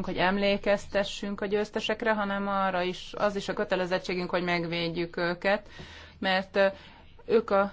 kötelezettségünk, hogy emlékeztessünk a győztesekre, hanem arra is, az is a kötelezettségünk, hogy megvédjük őket, mert ők a